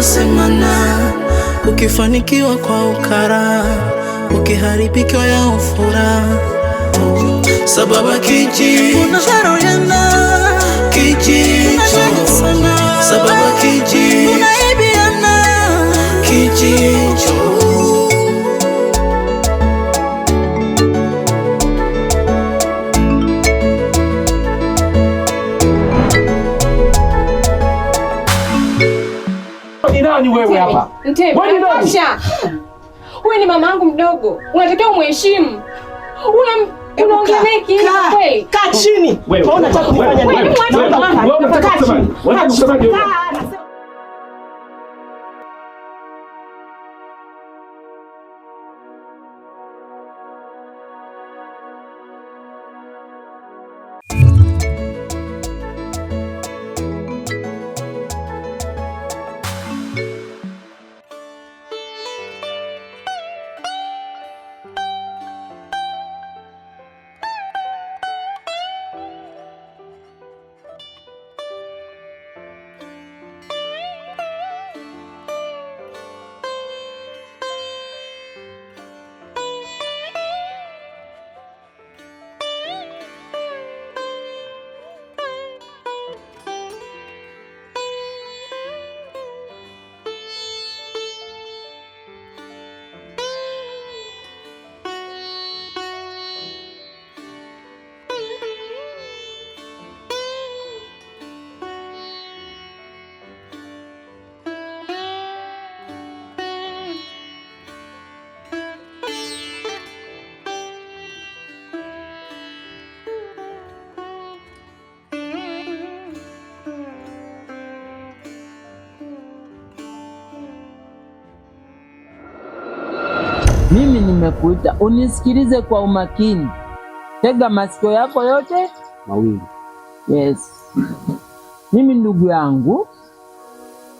tunayosemana, ukifanikiwa kwa ukara, ukiharibikiwa ya ufura sababa kiji kijicho Mtemi, ni mama yangu mdogo, unatakiwa umheshimu. Una unaongea kweli? Kaa chini. unataka kunifanya nini? Kaa chini. Mimi nimekuita unisikilize kwa umakini, tega masikio yako yote mawili. Yes, mimi ndugu yangu,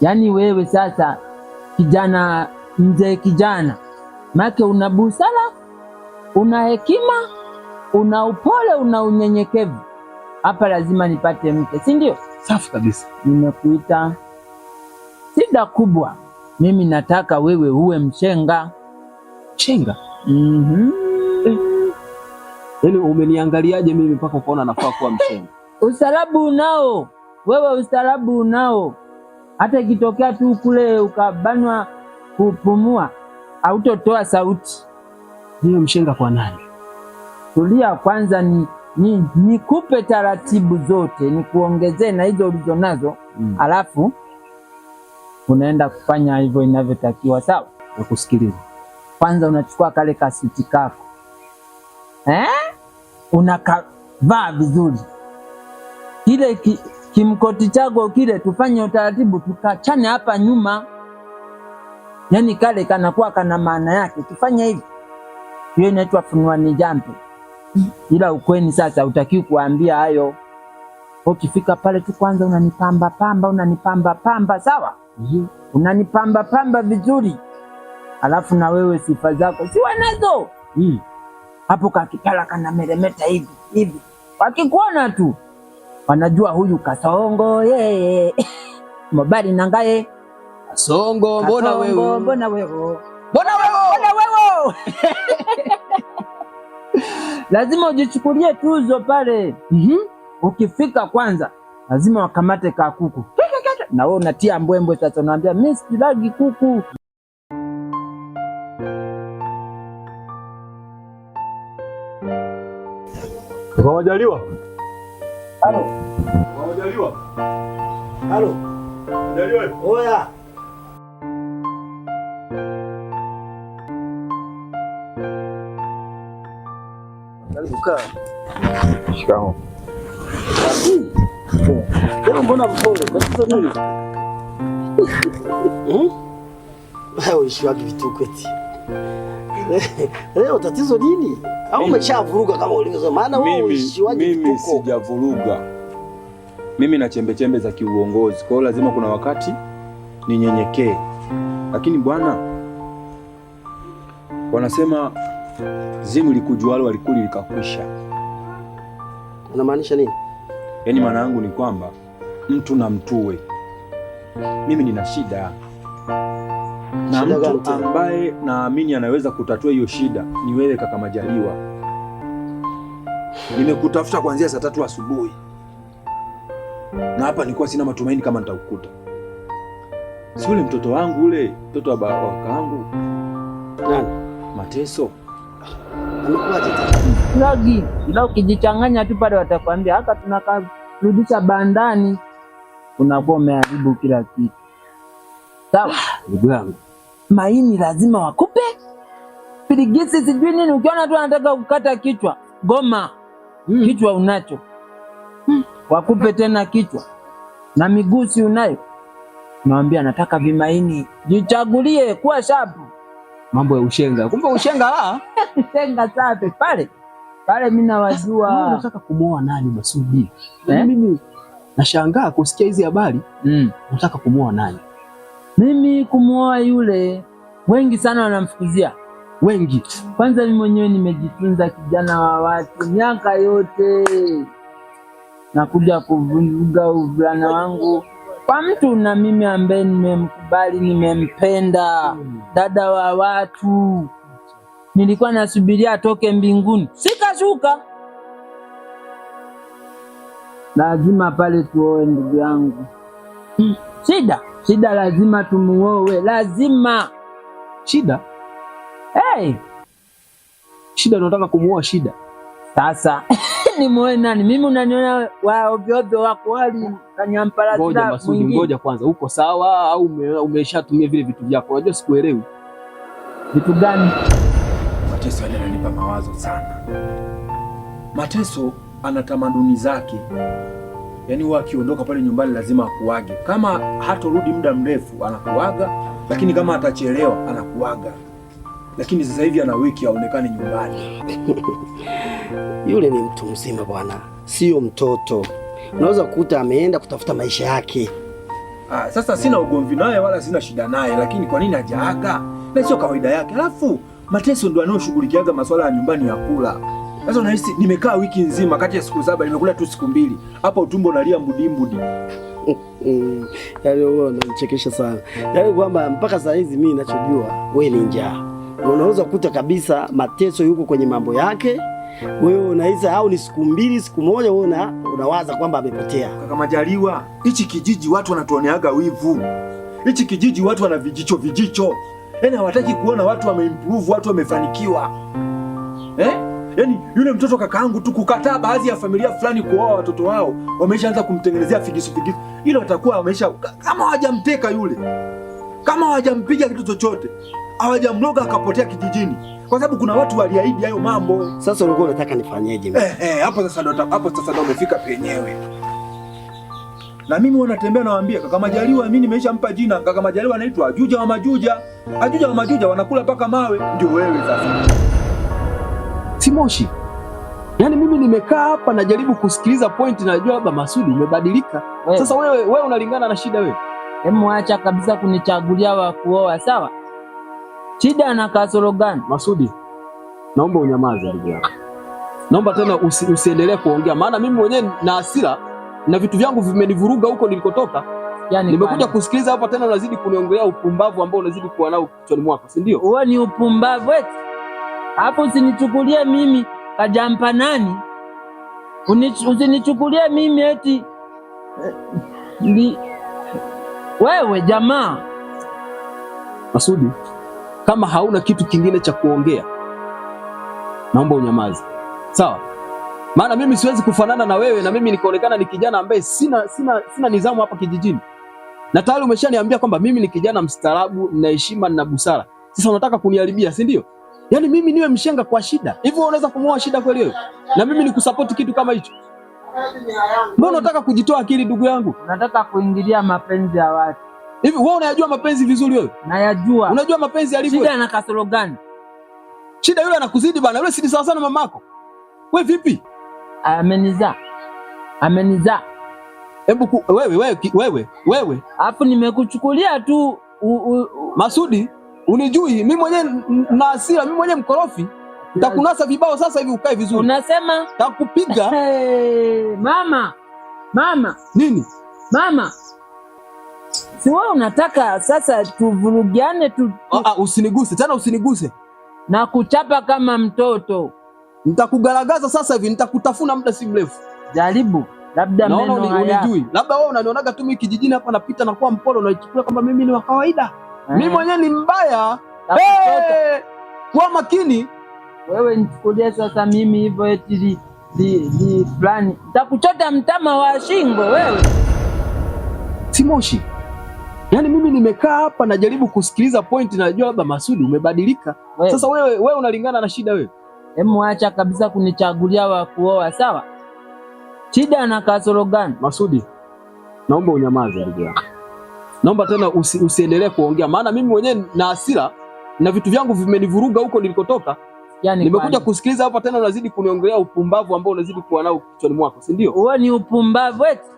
yaani wewe sasa kijana, mzee kijana, make una busara, una hekima, una upole, una unyenyekevu. Hapa lazima nipate mke, si ndio? Safi kabisa. Nimekuita shida kubwa, mimi nataka wewe uwe mshenga chenga. mm -hmm. umeniangaliaje mimi mpaka ukaona nafaa kuwa mchenga? Ustaarabu unao wewe, ustaarabu unao. Hata ikitokea tu kule ukabanwa kupumua hautotoa sauti. Niyo mshenga kwa nani? Tulia kwanza, ni nikupe taratibu zote nikuongezee na hizo ulizo nazo mm. Alafu unaenda kufanya hivyo inavyotakiwa, sawa? Nakusikiliza kwanza unachukua kale kasuti kako eh? unakavaa vizuri kile ki, kimkoti chako kile, tufanye utaratibu tukachane hapa nyuma, yani kale kanakuwa kana maana yake, tufanye hivi. Hiyo inaitwa ni jambe, ila ukweni sasa utakiwi kuambia hayo. Ukifika pale tu kwanza unanipamba pamba, unanipamba pamba, sawa, mhm. unanipamba pamba vizuri alafu na wewe sifa zako si wanazo hmm. Hapo kakitala kana meremeta hivi hivi, wakikuona tu wanajua huyu kasongo yeye mobali nangaye kasongo, mbona wewe, mbona wewe, mbona wewe lazima ujichukulie tuzo pale. mm -hmm. Ukifika kwanza lazima wakamate kakuku kuku na wewe unatia mbwembwe sasa, unaambia mimi sijilagi kuku. Kwa majaliwa. Halo. Kwa majaliwa. Halo. Majaliwa. Oya. Karibuka. Shikamoo. Leo mbona mpole? Tatizo nini? Eh? Wewe ushwagi vituko eti. Eh, leo tatizo nini? Au umeshavuruga kama ulivyo? Maana wewe uishiwaje? Mimi sijavuruga, mimi na chembe chembe za kiuongozi, kwa hiyo lazima kuna wakati ninyenyekee. Lakini bwana, wanasema zimu likujualo walikuli likakwisha. Unamaanisha nini? Yaani maana yangu ni kwamba mtu na mtuwe, mimi nina shida na mtu ambaye naamini anaweza kutatua hiyo shida ni wewe kaka Majaliwa. Nimekutafuta kuanzia saa tatu asubuhi na hapa nilikuwa sina matumaini kama nitakukuta. Si ule mtoto wangu ule mtoto wa kakaangu nani mateso Lagi ila ukijichanganya tu pale watakwambia haka tunakarudisha bandani, unakuwa umeharibu kila kitu. Sawa ndugu yangu, maini lazima wakupe pirigisi, sijui nini. Ukiona tu anataka kukata kichwa goma, mm. kichwa unacho mm. wakupe tena kichwa na miguu, si unayo? Nawambia nataka vimaini, jichagulie kuwa shapu. Mambo ya ushenga, kumbe ushenga ah. la ushenga safi pale pale, mimi nawajua. Nataka kumuoa nani Masudi? Eh? mimi nashangaa kusikia hizi habari mm. nataka kumuoa nani mimi kumwoa yule, wengi sana wanamfukuzia wengi. Kwanza mimi mwenyewe nimejitunza, kijana wa watu, miaka yote nakuja kuvunjuga uvulana wangu kwa mtu na mimi ambaye nimemkubali, nimempenda, dada wa watu. Nilikuwa nasubiria atoke mbinguni, sikashuka. Lazima pale tuoe, ndugu yangu, hmm, shida Shida lazima tumuoe, lazima shida. Hey, shida unataka kumuoa shida? Sasa nimuoe nani? Mimi unaniona wa ovyo ovyo wako wali kanyampala. Ngoja Masudi, ngoja kwanza, uko sawa au umeshatumia vile vitu vyako? Unajua sikuelewi vitu gani. Mateso ananipa mawazo sana. Mateso ana tamaduni zake yani huwa akiondoka pale nyumbani lazima akuage, kama hatorudi muda mrefu anakuaga, lakini kama atachelewa anakuaga. Lakini sasa hivi ana wiki haonekani nyumbani. Yule ni mtu mzima bwana, sio mtoto. Unaweza kukuta ameenda kutafuta maisha yake. Ah, sasa sina mm. ugomvi naye wala sina shida naye, lakini kwa nini hajaaga? Na sio kawaida yake. Alafu Mateso ndo anayoshughulikiaga masuala ya nyumbani ya kula sasa unahisi nimekaa wiki nzima, kati ya siku saba nimekula tu siku mbili, hapa utumbo unalia mbudimbudi. Yaani wewe unanichekesha sana, yaani kwamba mpaka saa hizi mimi ninachojua wewe ni njaa. Unaweza kukuta kabisa mateso yuko kwenye mambo yake, wewe unahisi au ni siku mbili siku moja, wewe unawaza kwamba amepotea. Kaka Majaliwa, hichi kijiji watu wanatuoneaga wivu, hichi kijiji watu wana vijicho vijicho, yaani hawataki kuona watu wameimprove, watu wamefanikiwa eh? Yaani yule mtoto kakaangu tu kukataa baadhi ya familia fulani kuoa watoto wao, wameshaanza kumtengenezea figisu figisu. Ile watakuwa wamesha kama hawajamteka yule, kama hawajampiga kitu chochote, hawajamloga akapotea kijijini, kwa sababu kuna watu waliahidi hayo mambo. Sasa ulikuwa unataka nifanyeje mimi? Eh, eh, hapo sasa ndo hapo sasa ndo umefika penyewe. Na mimi wanatembea nawaambia, kaka Majaliwa mimi nimeshampa jina. Kaka Majaliwa anaitwa Ajuja wa Majuja. Ajuja wa Majuja wanakula paka mawe. Ndio wewe sasa si Moshi. Yaani mimi nimekaa hapa najaribu kusikiliza point, najua labda Masudi umebadilika we. Eh. Sasa wewe wewe unalingana na shida wewe, hemu acha kabisa kunichagulia wa kuoa sawa. Shida na kasoro gani? Masudi, naomba unyamaze ndugu naomba tena usi, usiendelee kuongea, maana mimi mwenyewe na hasira na vitu vyangu vimenivuruga huko nilikotoka. Yani, nimekuja kusikiliza hapa tena unazidi kuniongelea upumbavu ambao unazidi kuwa nao kichwani mwako, si ndio? Wewe ni upumbavu eti hapo usinichukulie mimi kajampa nani, usinichukulie mimi eti eh, ni wewe jamaa. Masudi, kama hauna kitu kingine cha kuongea, naomba unyamaze, sawa? Maana mimi siwezi kufanana na wewe na mimi nikaonekana ni kijana ambaye sina, sina, sina nidhamu hapa kijijini, na tayari umeshaniambia kwamba mimi ni kijana mstaarabu, nina heshima na busara. Sasa unataka kuniharibia, si ndio? Yaani mimi niwe mshenga kwa shida hivyo, unaweza kumuoa shida kweli wewe? Na mimi nikusapoti kitu kama hicho? Mbona unataka kujitoa akili, ndugu yangu? Unataka kuingilia mapenzi ya watu hivi? Wewe unayajua mapenzi vizuri wewe? Nayajua. Unajua mapenzi yalivyo? Shida na kasoro gani? Shida yule anakuzidi bana, yule si sawa sana mamako. Wewe vipi? Ameniza, ameniza. Hebu wewe, wewe, wewe, wewe, alafu nimekuchukulia tu u, u, u. Masudi unijui mimi mwenyewe na hasira, mimi mwenyewe mkorofi, takunasa vibao sasa hivi ukae vizuri. Unasema takupiga. mama mama nini mama si wewe unataka sasa tuvurugiane tu, tu... Ah, ah, usiniguse tena, usiniguse na kuchapa kama mtoto. Nitakugaragaza sasa hivi, nitakutafuna muda si mrefu. Jaribu labda meno haya. Unijui labda wewe unanionaga tu mimi kijijini hapa napita na mpole, unaichukua kama mimi ni wa kawaida mi eh. mwenyewe ni mbaya hey! Eh, kuwa makini wewe, nichukulia sasa mimi hivyo eti di fulani takuchota mtama wa shingo wewe, Simoshi. Yaani mimi nimekaa hapa najaribu kusikiliza pointi, najua labda Masudi umebadilika Sasa wewe wewe unalingana na shida wewe, hemu acha kabisa kunichagulia wa kuoa sawa. Shida na kasoro gani? Masudi, naomba unyamaze ndugu yangu naomba tena usi, usiendelee kuongea, maana mimi mwenyewe na hasira na vitu vyangu vimenivuruga huko nilikotoka. Yani nimekuja kusikiliza hapa tena unazidi kuniongelea upumbavu ambao unazidi kuwa nao kichwani mwako, si ndio? Wewe ni upumbavu eti.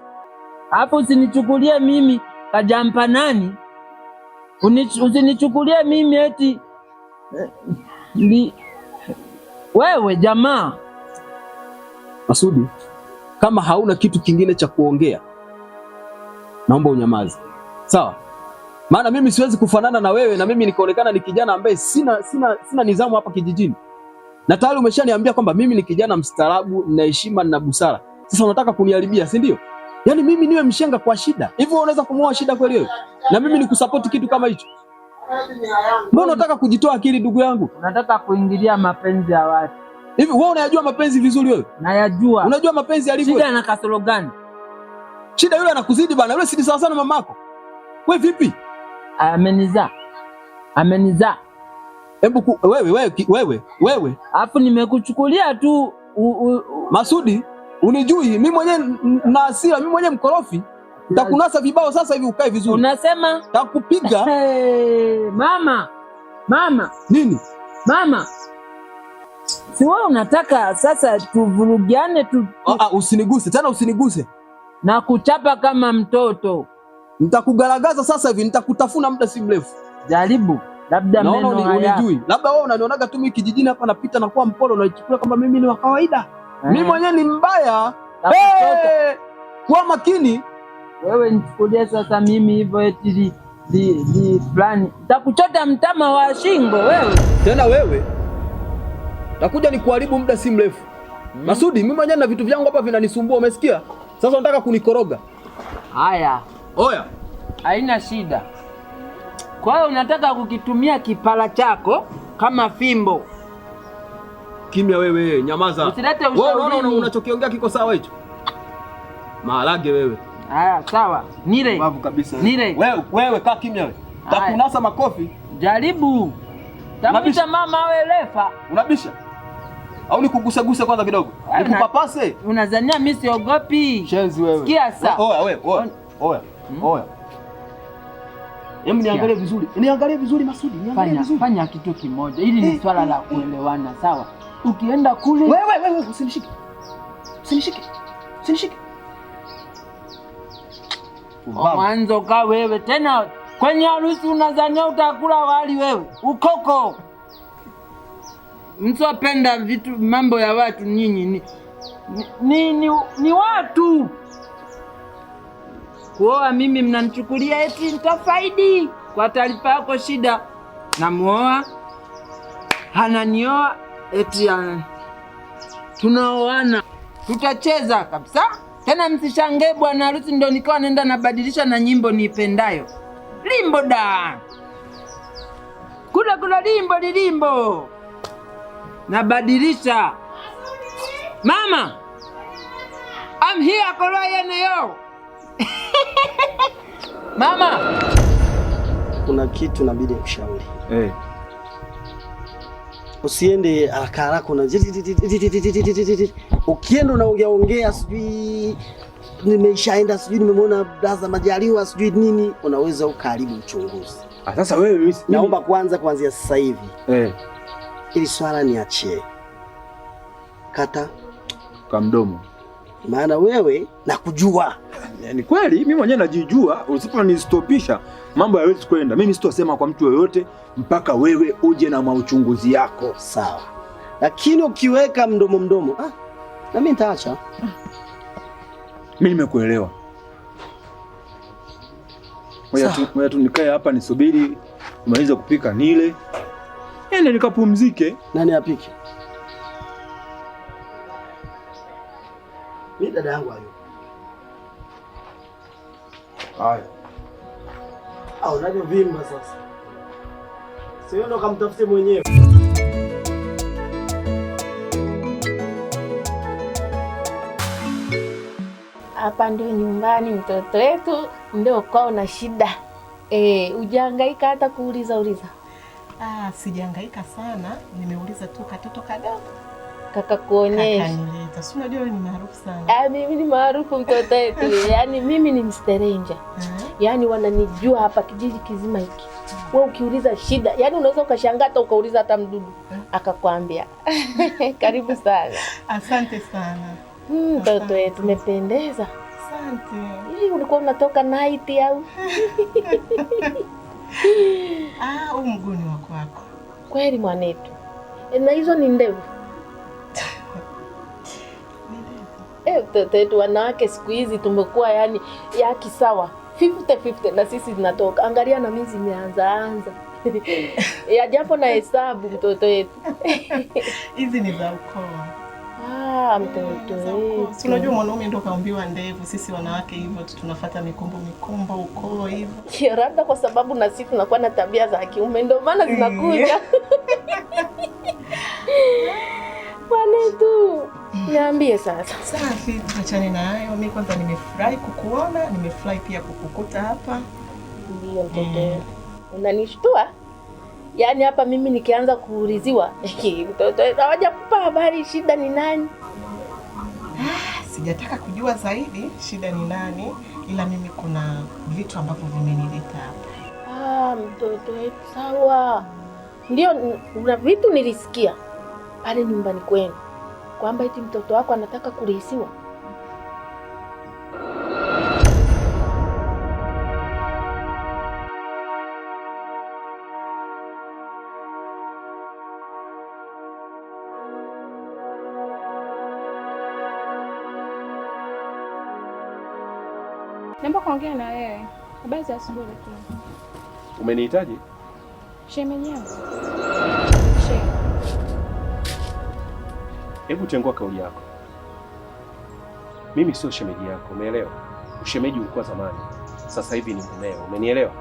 Hapo usinichukulie mimi kajampa nani, usinichukulie mimi eti Li... Eh, wewe jamaa Masudi, kama hauna kitu kingine cha kuongea, naomba unyamaze sawa. Maana mimi siwezi kufanana na wewe na mimi nikaonekana ni kijana ambaye sina, sina, sina nidhamu hapa kijijini, na tayari umeshaniambia kwamba mimi ni kijana mstaarabu na heshima na busara. Sasa unataka kuniharibia, si ndio? Yaani mimi niwe mshenga kwa shida hivyo? Unaweza kumwoa shida kweli wewe, na mimi nikusapoti kitu kama hicho? Mbona unataka kujitoa akili, ndugu yangu? Unataka kuingilia mapenzi ya watu hivi? Wewe unayajua mapenzi vizuri wewe? Nayajua. Unajua mapenzi yalivyo? Shida na kasoro gani? Shida yule anakuzidi bana, yule si sawa sana mamako We vipi? ameniza ameniza Hebu wewe, wewe, wewe, wewe. Alafu nimekuchukulia tu u, u, Masudi, unijui mimi mwenyewe na hasira, mimi mwenyewe mkorofi takunasa vibao sasa hivi, ukae vizuri. Unasema takupiga. mama mama nini mama, si wewe unataka sasa tuvurugiane tu, tu... Ah, ah, usiniguse tena, usiniguse na kuchapa kama mtoto Nitakugaragaza sasa hivi, nitakutafuna muda si mrefu. Jaribu, labda meno unijui, labda wewe unanionaga tu mimi kijijini hapa napita na kuwa mpole, unaichukua kama mimi ni wa kawaida. Mimi eh. mwenyewe ni mbaya. Hey, kuwa makini wewe. Nichukulie sasa mimi hivyo eti di fulani nitakuchota mtama wa shingo wewe. Tena wewe takuja kuharibu muda si mrefu. Hmm. Masudi, mimi mwenyewe na vitu vyangu hapa vinanisumbua, umesikia? Sasa unataka kunikoroga? Haya. Oya, haina shida. Kwa hiyo unataka kukitumia kipara chako kama fimbo? Kimya wewe, nyamaza. Usilete ushauri. Unachokiongea kiko sawa hicho? Maharage wewe. Haya, sawa. Nile. Mbavu kabisa. Nile. Wewe, wewe kaa kimya wewe. Takunasa makofi. Jaribu. Tamisha mama awe refa. Unabisha? Au nikugusagusa kwanza kidogo? Nikupapase? Unazania mimi siogopi. Shenzi wewe. Sikia sasa. Oya, wewe. Oya. Hmm? Oya. Hebu niangalie vizuri. Niangalie vizuri Masudi, niangalie vizuri. Fanya kitu kimoja. Hili ni eh, swala la eh, eh. kuelewana, sawa? Ukienda kule wewe wewe usinishike. Usinishike. Usinishike. Mwanzo ka wewe tena kwenye harusi unazania utakula wali wewe ukoko. apenda vitu mambo ya watu nyinyi ni ni, ni, ni, ni watu kuoa mimi mnanichukulia eti nitafaidi. Kwa taarifa yako, Shida namuoa, hananioa eti ya... Ah, tunaoana, tutacheza kabisa. Tena msishangee bwana harusi ndo nikawa naenda nabadilisha na nyimbo niipendayo, limbo da kula kula limbo lilimbo, nabadilisha mama, I'm here koloyeneyo Mama, kuna kitu nabidi nikushauri. Hey. Eh. Usiende haraka ah, haraka na ukienda unaongea ongea, sijui nimeishaenda, sijui nimemwona brother Majaliwa, sijui nini, unaweza ukaharibu uchunguzi. Ah, sasa wewe, naomba kwanza, kuanzia sasa hivi hey. Eh. Ili swala niachie kata kwa mdomo maana wewe nakujua. Eh, ni kweli mimi mwenyewe najijua, usiponistopisha mambo hayawezi kwenda. Mimi sitosema kwa mtu yoyote mpaka wewe uje na mauchunguzi yako, sawa? Lakini ukiweka mdomo mdomo, ah, na mimi nitaacha. Mimi nimekuelewa. Moja tu nikae hapa nisubiri maliza kupika nile, ende nikapumzike. Nani apike? mi dada yangu hayupo. Haya, au navyovimba sasa, sio ndo kamtafute mwenyewe. Hapa ndio nyumbani, mtoto wetu ndio kwao na shida e, ujahangaika hata kuuliza uliza. Ah, sijahangaika sana, nimeuliza tu katoto kadogo kaka kuonyesha. Si unajua wewe ni maarufu sana. Ah, mimi ni maarufu mtoto wetu. Yaani mimi ni msterenja. Eh? Yaani wananijua hapa kijiji kizima hiki. Wewe ukiuliza shida, yaani unaweza ukashangaa hata ukauliza hata mdudu eh? akakwambia. Karibu sana. Asante sana. Hmm, mtoto wetu umependeza. Asante. Hii ulikuwa unatoka night au? Ah, huu mguu ni wako Kweli mwanetu. Na hizo ni ndevu. Eh, tetetu wanawake siku hizi tumekuwa yani yaki sawa 50 50 na sisi zinatoka. Angalia na mimi zimeanza anza ya japo na hesabu mtoto wetu hizi ni za ukoo. Ah, mtoto eh, si unajua, mwanaume ndo kaambiwa ndevu. Sisi wanawake hivyo tunafuata mikumbo mikumbo, ukoo hivyo, labda kwa sababu na sisi tunakuwa na tabia za kiume, ndio maana zinakuja mm. Bwana tu niambie sasa. Safi, tuachane na hayo. Mimi kwanza nimefurahi kukuona, nimefurahi pia kukukuta hapa. Ndio eh. mtoto, unanishtua yaani hapa mimi nikianza kuuliziwa mtoto hawajakupa habari, shida ni nani? Ah, sijataka kujua zaidi shida ni nani, ila mimi kuna vitu ambavyo vimenileta hapa. Ah, mtoto wetu, sawa. Ndio, kuna vitu nilisikia pale nyumbani kwenu kwamba eti mtoto wako anataka kurihisiwa Naomba kuongea na wewe. Habari za asubuhi lakini. Umenihitaji? Shemeji yangu. Shemeji. Hebu tengua kauli yako. Mimi sio shemeji yako, umeelewa? Ushemeji ulikuwa zamani, sasa hivi ni mumeo, umenielewa?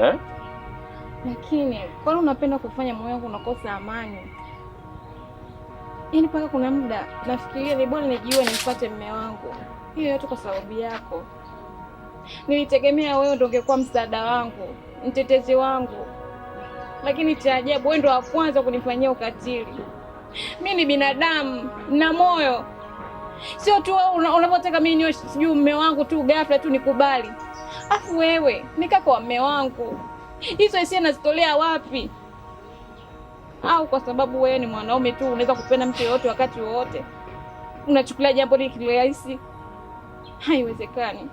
Eh? Lakini kwani unapenda kufanya moyo wangu unakosa amani? Yaani mpaka kuna muda nafikiria ni bora nijiue nimpate mme wangu. Hiyo yote kwa sababu yako. Nilitegemea wewe ndio ungekuwa msaada wangu, mtetezi wangu, lakini cha ajabu wewe ndio wa kwanza kunifanyia ukatili mi ni binadamu na moyo, sio tu wewe unavyotaka mimi niwe sijui mume wangu tu ghafla tu nikubali. Afu wewe nika kwa mume wangu, hizo hisia nazitolea wapi? Au kwa sababu wewe ni mwanaume tu unaweza kupenda mtu yoyote wakati wowote, unachukulia jambo hili kirahisi? Haiwezekani.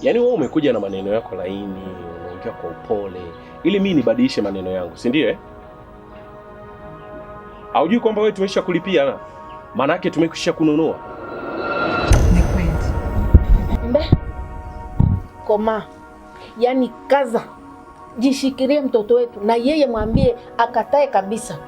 Yaani wewe umekuja na maneno yako laini, unaongea kwa upole ili mimi nibadilishe maneno yangu, si ndio eh? Haujui kwamba wewe tumesha kulipia, maana yake tumekwisha kununua. Ni kweli. Mbe. Koma. Yaani kaza. Jishikirie mtoto wetu na yeye mwambie akatae kabisa.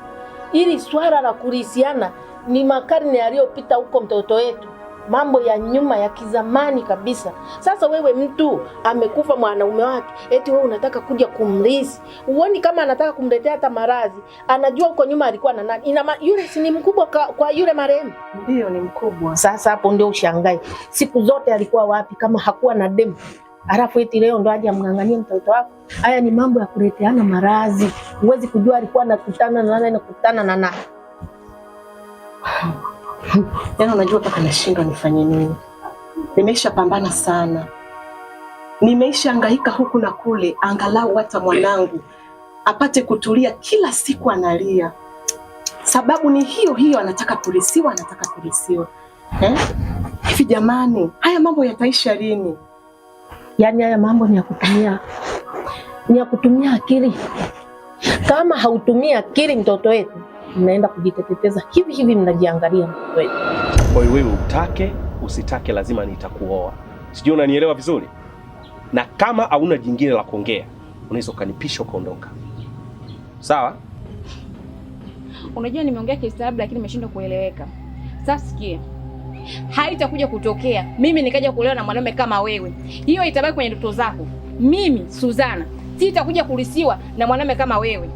Ili swala la kulisiana ni makarne yaliyopita huko mtoto wetu mambo ya nyuma ya kizamani kabisa. Sasa wewe mtu amekufa mwanaume wake, eti wewe unataka kuja kumrizi Uoni kama anataka kumletea hata maradhi? Anajua huko nyuma alikuwa na nani? Ina yule si ni mkubwa kwa, kwa yule marehemu? Ndio, ni mkubwa. Sasa hapo ndio ushangae, siku zote alikuwa wapi kama hakuwa na demu? Alafu eti leo ndo aje amng'ang'anie mtoto wako? Haya ni mambo ya kuleteana maradhi, huwezi kujua alikuwa anakutana na nani, anakutana na nani. Yaani unajua mpaka nashindwa nifanye nini. Nimeisha pambana sana, nimeisha angaika huku na kule, angalau hata mwanangu apate kutulia. Kila siku analia, sababu ni hiyo hiyo, anataka kurisiwa anataka Eh? hivi Jamani, haya mambo yataisha lini? Yaani haya mambo ni ya kutumia, ni ya kutumia akili. Kama hautumii akili mtoto wetu mnaenda kujiteketeza hivi hivi, mnajiangalia kweli. Kwa hiyo wewe utake usitake, lazima nitakuoa. Sijui unanielewa vizuri, na kama hauna jingine la kuongea, unaweza ukanipisha ukaondoka. Sawa? Unajua nimeongea kistaarabu, lakini nimeshindwa kueleweka. Sasa sikia, haitakuja kutokea mimi nikaja kuolewa na mwanaume kama wewe. Hiyo itabaki kwenye ndoto zako. Mimi Suzana sitakuja kulisiwa na mwanaume kama wewe.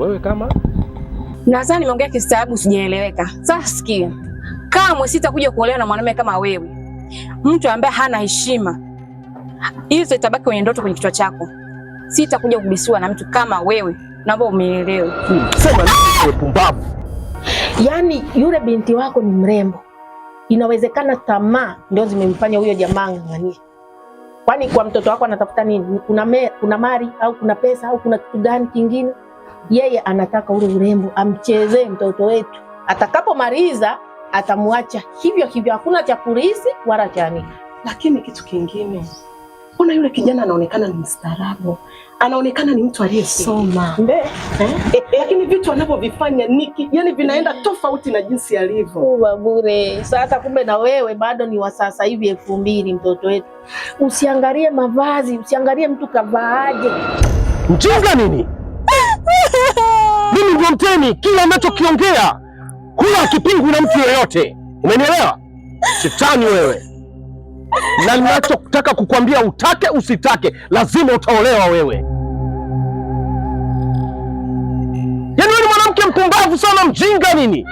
wewe kama nadhani nimeongea kistaabu, sijaeleweka. Sasa sikia, kamwe sitakuja kuolewa na mwanamume kama wewe, mtu ambaye hana heshima. Hizo itabaki kwenye ndoto, kwenye kichwa chako. Sitakuja kubisiwa na mtu kama wewe, naomba umeelewe. Hmm. Sema nini pumbavu? Yaani yule binti wako ni mrembo, inawezekana tamaa ndio zimemfanya huyo jamaa ng'ang'anie. Kwani kwa mtoto wako anatafuta nini? Kuna, kuna mali au kuna pesa au kuna kitu gani kingine? Yeye anataka ule urembo amchezee mtoto wetu, atakapomaliza atamwacha hivyo hivyo, hakuna cha kurisi wala cha nini. Lakini kitu kingine, ona yule kijana anaonekana ni mstaarabu, anaonekana ni mtu aliyesoma, eh? lakini vitu anavyovifanya niki yani vinaenda mm. tofauti na jinsi alivyo bure. Sasa kumbe na wewe bado ni wa sasa hivi elfu mbili. Mtoto wetu usiangalie mavazi, usiangalie mtu kavaaje, Mchinga nini Mtemi, kila anachokiongea huwa kipingu na mtu yoyote, umenielewa? Shetani wewe! Na ninachotaka kukwambia, utake usitake, lazima utaolewa wewe. Yaani wewe ni mwanamke mpumbavu sana, mjinga nini,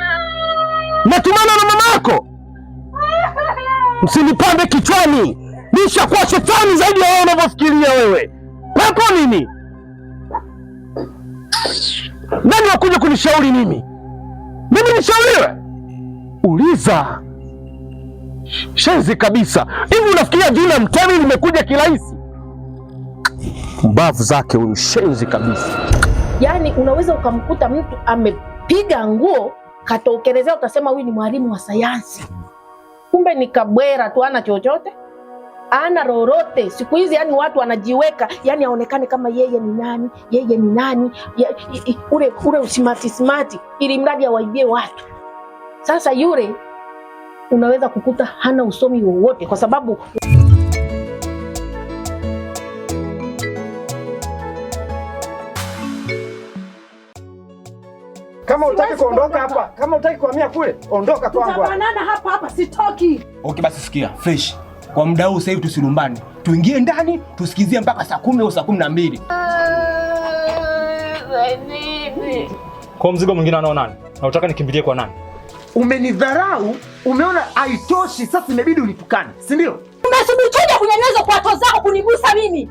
natumana na mama yako. Msinipambe kichwani, nishakuwa shetani zaidi ya wewe unavyofikiria wewe. Pepo nini? Nani wakuja kunishauri mimi? Mimi nishauriwe? Uliza shenzi kabisa. Hivi unafikiria jina mtemi limekuja kirahisi? Mbavu zake huyu shenzi kabisa. Yaani unaweza ukamkuta mtu amepiga nguo katokelezea, utasema huyu ni mwalimu wa sayansi, kumbe ni kabwera tu, ana chochote ana rorote siku hizi. Yani watu wanajiweka, yani aonekane kama yeye ni nani, yeye ni nani, ule, ule usimati smati, ili mradi awaibie watu. Sasa yule unaweza kukuta hana usomi wowote, kwa sababu kama utaki kuondoka hapa, kama utaki kuhamia kule, ondoka kwangu. Tutabanana hapa hapa, sitoki. Okay, basi sikia fresh kwa muda huu sasa hivi tusilumbane, tuingie ndani tusikizie mpaka saa kumi au saa kumi na mbili. Kwa mzigo mwingine anao nani? Na utaka nikimbilie kwa nani? Umenidharau, umeona haitoshi, sasa imebidi unitukane, si ndio? Umesubikija kunyanyazwa kwa watu zako kunigusa mimi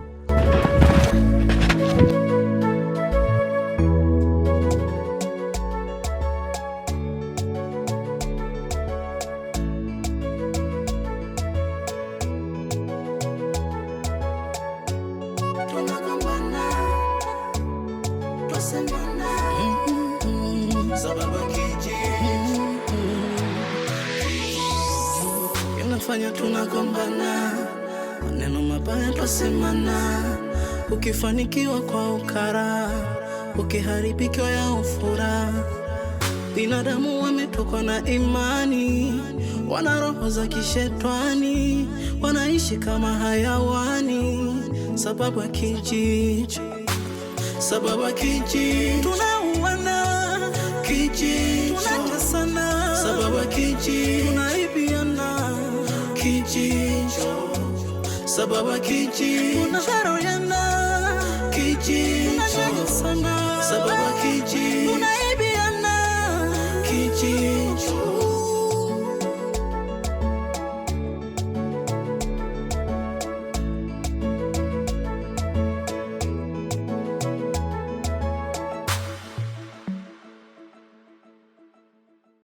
semana ukifanikiwa kwa ukara, ukiharibikiwa ya ufura. Binadamu wametokwa na imani, wana roho za kishetwani, wanaishi kama hayawani, sababu ya kijiji, sababu ya kijiji, tunauana kijiji, tunatesana, sababu ya kijiji, tunaibiana kijiji Sababa kijicho unadharauliana, kijicho unajali sana, sababa kichi.